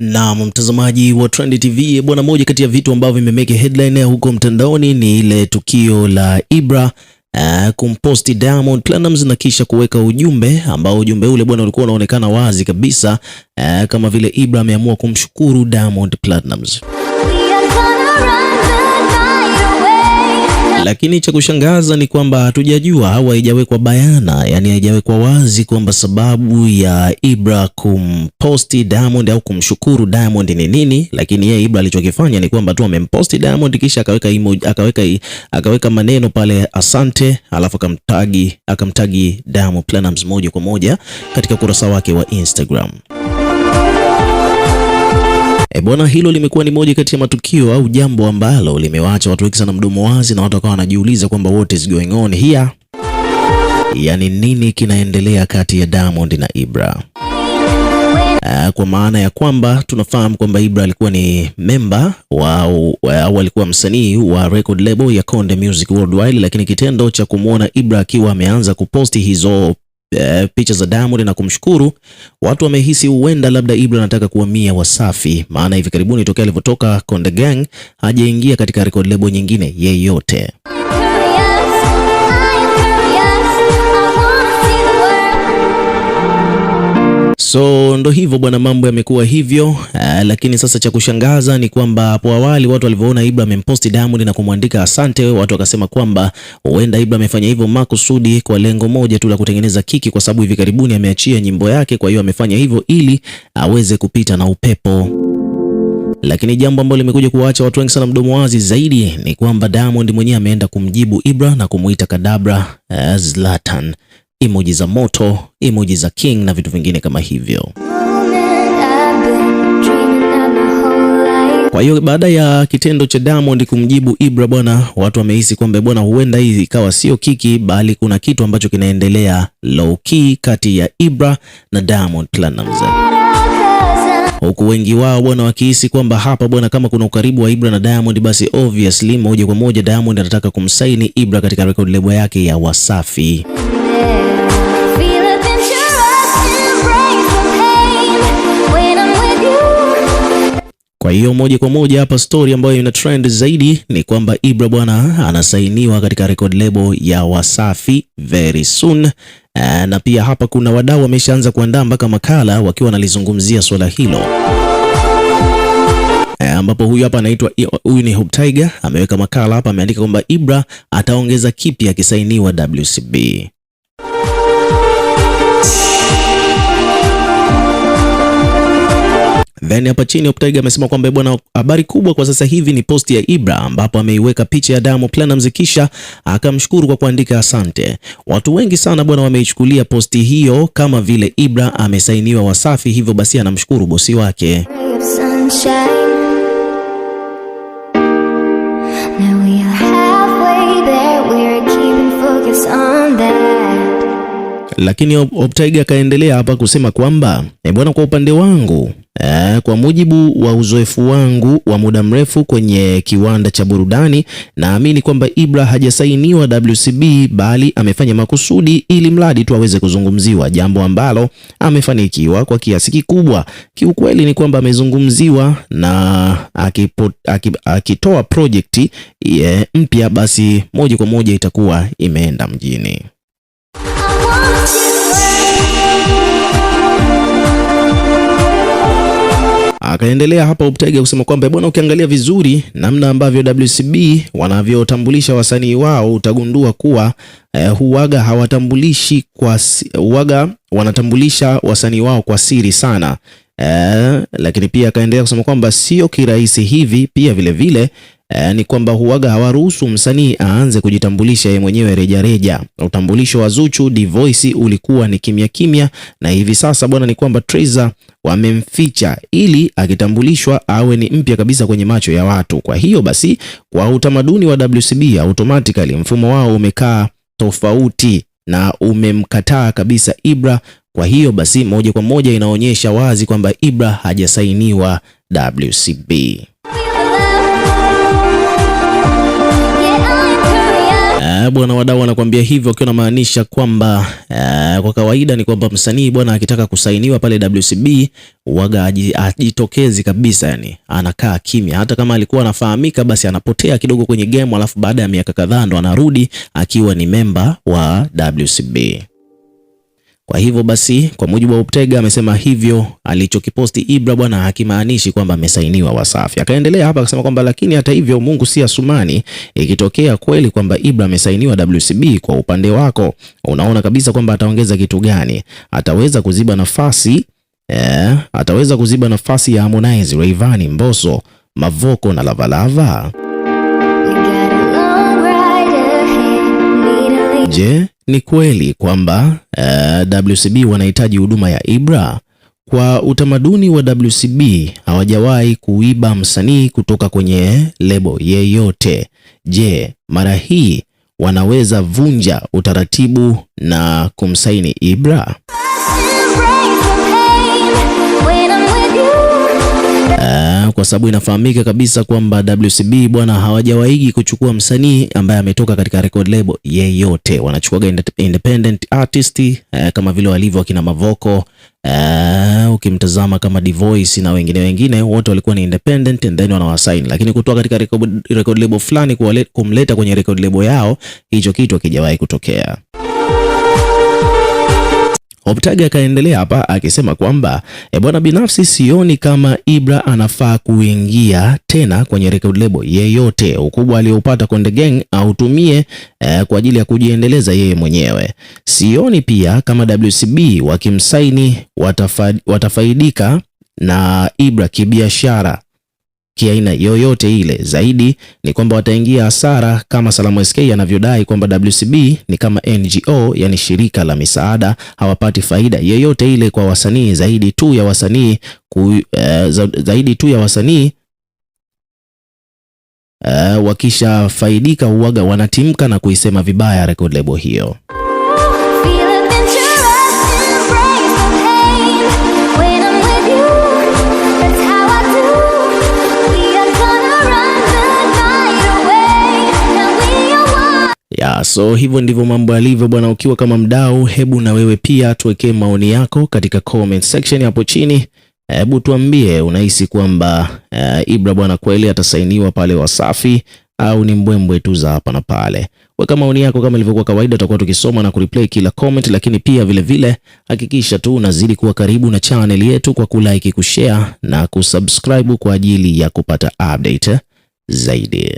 Na mtazamaji wa Trend TV bwana, moja kati ya vitu ambavyo vimemeke headline huko mtandaoni ni ile tukio la Ibra Uh, kumposti Diamond Platnumz na kisha kuweka ujumbe ambao ujumbe ule bwana ulikuwa unaonekana wazi kabisa, uh, kama vile Ibra ameamua kumshukuru Diamond run. Lakini cha kushangaza ni kwamba hatujajua au haijawekwa bayana, yani haijawekwa wazi kwamba sababu ya Ibra kumposti Diamond au kumshukuru Diamond ni nini. Lakini yeye Ibra alichokifanya ni kwamba tu amemposti Diamond kisha akaweka emoji, akaweka akaweka maneno pale asante, alafu akamtagi akamtagi Diamond Platnumz moja kwa moja katika ukurasa wake wa Instagram. E bwana, hilo limekuwa ni moja kati ya matukio au jambo ambalo limewaacha watu wengi sana mdomo wazi, na watu wakawa wanajiuliza kwamba what is going on here, yaani nini kinaendelea kati ya Diamond na Ibra. Ah, kwa maana ya kwamba tunafahamu kwamba Ibra alikuwa ni memba au alikuwa msanii wa record label ya Konde Music Worldwide, lakini kitendo cha kumwona Ibra akiwa ameanza kuposti hizo Eh, picha za Diamond na kumshukuru, watu wamehisi huenda labda Ibra anataka kuhamia Wasafi, maana hivi karibuni tokea alivyotoka Konde Gang hajaingia katika record label nyingine yeyote. So ndo hivyo bwana, mambo yamekuwa hivyo. uh, lakini sasa cha kushangaza ni kwamba hapo awali watu walivyoona Ibra amemposti Diamond na kumwandika asante, watu wakasema kwamba huenda Ibra amefanya hivyo makusudi kwa lengo moja tu la kutengeneza kiki, kwa sababu hivi karibuni ameachia nyimbo yake, kwa hiyo amefanya hivyo ili aweze kupita na upepo lakini jambo ambalo limekuja kuwaacha watu wengi sana mdomo wazi zaidi ni kwamba Diamond mwenyewe ameenda kumjibu Ibra na kumuita kadabra eh, Zlatan emoji za moto, emoji za king na vitu vingine kama hivyo. Kwa hiyo baada ya kitendo cha Diamond kumjibu Ibra bwana, watu wamehisi kwamba bwana, huenda hii ikawa sio kiki, bali kuna kitu ambacho kinaendelea low key kati ya Ibra na Diamond Platnumz huku wengi wao bwana wakihisi kwamba hapa bwana, kama kuna ukaribu wa Ibra na Diamond, basi obviously moja kwa moja Diamond anataka kumsaini Ibra katika record label yake ya Wasafi. Kwa hiyo moja kwa moja hapa story ambayo ina trend zaidi ni kwamba Ibra bwana anasainiwa katika record label ya Wasafi very soon. Eh, na pia hapa kuna wadau wameshaanza kuandaa mpaka makala wakiwa wanalizungumzia swala hilo eh, ambapo huyu hapa anaitwa huyu ni Hope Tiger ameweka makala hapa, ameandika kwamba Ibra ataongeza kipi akisainiwa WCB. Then hapa chini Optaig amesema kwamba eh, bwana, habari kubwa kwa sasa hivi ni posti ya Ibra ambapo ameiweka picha ya Diamond Platnumz kisha akamshukuru kwa kuandika asante. Watu wengi sana bwana, wameichukulia posti hiyo kama vile Ibra amesainiwa Wasafi, hivyo basi anamshukuru bosi wake Sunshine. Lakini Optaiga akaendelea hapa kusema kwamba e, bwana, kwa upande wangu e, kwa mujibu wa uzoefu wangu wa muda mrefu kwenye kiwanda cha burudani, naamini kwamba Ibra hajasainiwa WCB, bali amefanya makusudi ili mradi tu aweze kuzungumziwa, jambo ambalo amefanikiwa kwa kiasi kikubwa. Kiukweli ni kwamba amezungumziwa na akipo, akip, akitoa projekti yeah, mpya, basi moja kwa moja itakuwa imeenda mjini. Akaendelea hapa Uptege kusema kwamba bwana, ukiangalia vizuri namna ambavyo WCB wanavyotambulisha wasanii wao utagundua kuwa eh, huwaga hawatambulishi kwa huwaga wanatambulisha wasanii wao kwa siri sana eh, lakini pia akaendelea kusema kwamba sio kirahisi hivi. Pia vilevile Eh, ni kwamba huwaga hawaruhusu msanii aanze kujitambulisha yeye mwenyewe rejareja. Utambulisho wa Zuchu Voice ulikuwa ni kimya kimya, na hivi sasa bwana ni kwamba Treza wamemficha ili akitambulishwa awe ni mpya kabisa kwenye macho ya watu. Kwa hiyo basi, kwa utamaduni wa WCB automatically mfumo wao umekaa tofauti na umemkataa kabisa Ibra. Kwa hiyo basi, moja kwa moja inaonyesha wazi kwamba Ibra hajasainiwa WCB. bwana, wadau wanakuambia hivyo wakiwa namaanisha kwamba uh, kwa kawaida ni kwamba msanii bwana akitaka kusainiwa pale WCB waga ajitokezi kabisa, yani anakaa kimya. Hata kama alikuwa anafahamika, basi anapotea kidogo kwenye game, alafu baada ya miaka kadhaa ndo anarudi akiwa ni memba wa WCB. Kwa hivyo basi, kwa mujibu wa Optega amesema hivyo alichokiposti Ibra bwana hakimaanishi kwamba amesainiwa Wasafi. Akaendelea hapa akasema kwamba lakini hata hivyo Mungu si Asumani, ikitokea kweli kwamba Ibra amesainiwa WCB, kwa upande wako unaona kabisa kwamba ataongeza kitu gani? Ataweza kuziba nafasi eh, ataweza kuziba nafasi ya Harmonize, Rayvanny, mboso Mavoko na Lavalava? Je, ni kweli kwamba uh, eh, WCB wanahitaji huduma ya Ibra. Kwa utamaduni wa WCB hawajawahi kuiba msanii kutoka kwenye lebo yeyote. Je, mara hii wanaweza vunja utaratibu na kumsaini Ibra? kwa sababu inafahamika kabisa kwamba WCB bwana, hawajawaigi kuchukua msanii ambaye ametoka katika record label yeyote, wanachukua independent artist eh, kama vile walivyo akina Mavoko eh, ukimtazama kama Voice na wengine wengine wote walikuwa ni independent and then wanawasign, lakini kutoa katika record, record label fulani kumleta kwenye record label yao, hicho kitu hakijawahi kutokea. Moptag akaendelea hapa akisema kwamba e, bwana, binafsi sioni kama Ibra anafaa kuingia tena kwenye record label yeyote. Ukubwa aliyoupata Konde Gang autumie e, kwa ajili ya kujiendeleza yeye mwenyewe. Sioni pia kama WCB wakimsaini watafa, watafaidika na Ibra kibiashara kiaina yoyote ile. Zaidi ni kwamba wataingia hasara kama Salamu SK anavyodai kwamba WCB ni kama NGO, yani shirika la misaada, hawapati faida yoyote ile kwa wasanii zaidi tu ya wasanii eh, zaidi tu ya wasanii eh, wakishafaidika uwaga wanatimka na kuisema vibaya record label hiyo. Yeah, so hivyo ndivyo mambo yalivyo bwana. Ukiwa kama mdau, hebu na wewe pia tuwekee maoni yako katika comment section hapo chini. Hebu tuambie unahisi kwamba uh, Ibra bwana kweli atasainiwa pale Wasafi au ni mbwembwe tu za hapa na pale? Weka maoni yako kama ilivyokuwa kawaida, tutakuwa tukisoma na kureplay kila comment, lakini pia vile vile hakikisha tu unazidi kuwa karibu na channel yetu kwa kulike, kushare na kusubscribe kwa ajili ya kupata update zaidi.